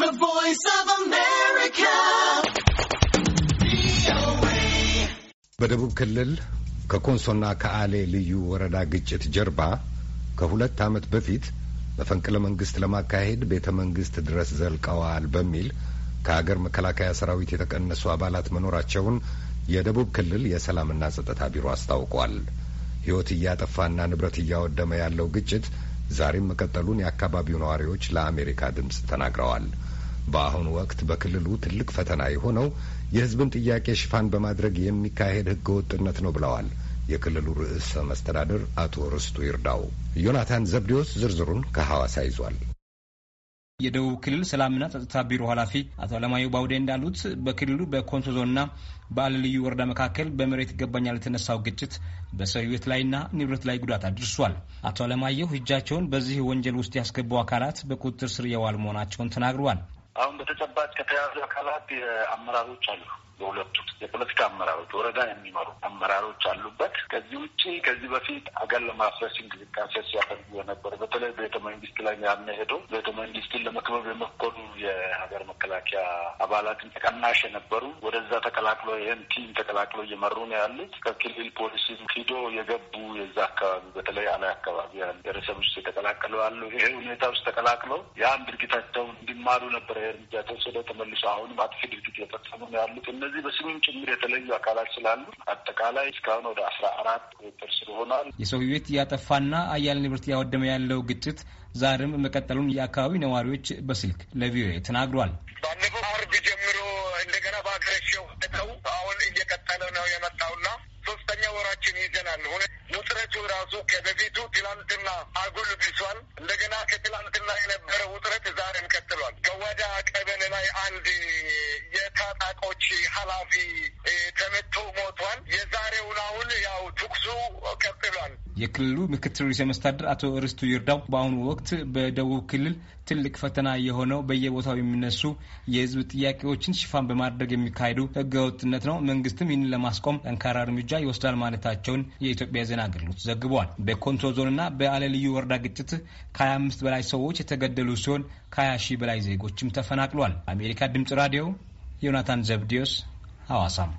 The Voice of America. በደቡብ ክልል ከኮንሶና ከአሌ ልዩ ወረዳ ግጭት ጀርባ ከሁለት ዓመት በፊት መፈንቅለ መንግስት ለማካሄድ ቤተ መንግስት ድረስ ዘልቀዋል በሚል ከሀገር መከላከያ ሰራዊት የተቀነሱ አባላት መኖራቸውን የደቡብ ክልል የሰላምና ጸጥታ ቢሮ አስታውቋል። ሕይወት እያጠፋና ንብረት እያወደመ ያለው ግጭት ዛሬም መቀጠሉን የአካባቢው ነዋሪዎች ለአሜሪካ ድምፅ ተናግረዋል። በአሁኑ ወቅት በክልሉ ትልቅ ፈተና የሆነው የሕዝብን ጥያቄ ሽፋን በማድረግ የሚካሄድ ህገወጥነት ነው ብለዋል የክልሉ ርዕሰ መስተዳድር አቶ ርስቱ ይርዳው። ዮናታን ዘብዴዎስ ዝርዝሩን ከሐዋሳ ይዟል። የደቡብ ክልል ሰላምና ጸጥታ ቢሮ ኃላፊ አቶ አለማየሁ ባውዴ እንዳሉት በክልሉ በኮንሶ ዞንና በአል ልዩ ወረዳ መካከል በመሬት ይገባኛል የተነሳው ግጭት በሰው ሕይወት ላይና ንብረት ላይ ጉዳት አድርሷል። አቶ አለማየሁ እጃቸውን በዚህ ወንጀል ውስጥ ያስገቡ አካላት በቁጥጥር ስር የዋሉ መሆናቸውን ተናግረዋል። አሁን በተጨባጭ ከተያዙ አካላት አመራሮች አሉ የሁለቱ የፖለቲካ አመራሮች ወረዳ የሚመሩ አመራሮች አሉበት። ከዚህ ውጭ ከዚህ በፊት አገር ለማፍረስ እንቅስቃሴ ሲያደርጉ የነበረ በተለይ ቤተ መንግስት ላይ ያነ ሄዶ ቤተ መንግስትን ለመክበብ የመኮኑ የሀገር መከላከያ አባላትን ተቀናሽ የነበሩ ወደዛ ተቀላቅሎ ይህን ቲም ተቀላቅሎ እየመሩ ነው ያሉት። ከክልል ፖሊሲም ሂዶ የገቡ የዛ አካባቢ በተለይ አላይ አካባቢ ያሉ ውስጥ የተቀላቀሉ አሉ። ይሄ ሁኔታ ውስጥ ተቀላቅሎ ያን ድርጊታቸውን እንዲማሩ ነበረ እርምጃ ተወሰደ። ተመልሶ አሁንም አጥፊ ድርጊት የፈጸሙ ነው ያሉት እነዚህ በዚህ በስሙም ጭምር የተለዩ አካላት ስላሉ አጠቃላይ እስካሁን ወደ አስራ አራት ቁጥር ስር ሆኗል። የሰው ቤት እያጠፋና አያሌ ንብረት እያወደመ ያለው ግጭት ዛሬም መቀጠሉን የአካባቢ ነዋሪዎች በስልክ ለቪኦኤ ተናግሯል። ባለፈው አርብ ጀምሮ እንደገና በአግሬሽው ተው አሁን እየቀጠለ ነው የመጣውና ሶስተኛ ወራችን ይዘናል። ሁ ውጥረቱ ራሱ ከበፊቱ ትላንትና አጉል ብሷል። እንደገና ከትላንትና የነበረ ውጥረት ዛሬም ቀጥሏል። ከወደ ቀበሌ ላይ ታጣቂዎች ኃላፊ ተመቶ ሞቷል። የዛሬውን አሁን ያው ትኩሱ ቀጥሏል። የክልሉ ምክትል ርዕሰ መስተዳድር አቶ ርስቱ ይርዳው በአሁኑ ወቅት በደቡብ ክልል ትልቅ ፈተና የሆነው በየቦታው የሚነሱ የህዝብ ጥያቄዎችን ሽፋን በማድረግ የሚካሄዱ ህገወጥነት ነው። መንግስትም ይህንን ለማስቆም ጠንካራ እርምጃ ይወስዳል ማለታቸውን የኢትዮጵያ ዜና አገልግሎት ዘግቧል። በኮንሶ ዞንና በአለልዩ ልዩ ወረዳ ግጭት ከ25 በላይ ሰዎች የተገደሉ ሲሆን ከ20 ሺህ በላይ ዜጎችም ተፈናቅሏል። አሜሪካ ድምጽ ራዲዮ ዮናታን ዘብዲዮስ ሐዋሳም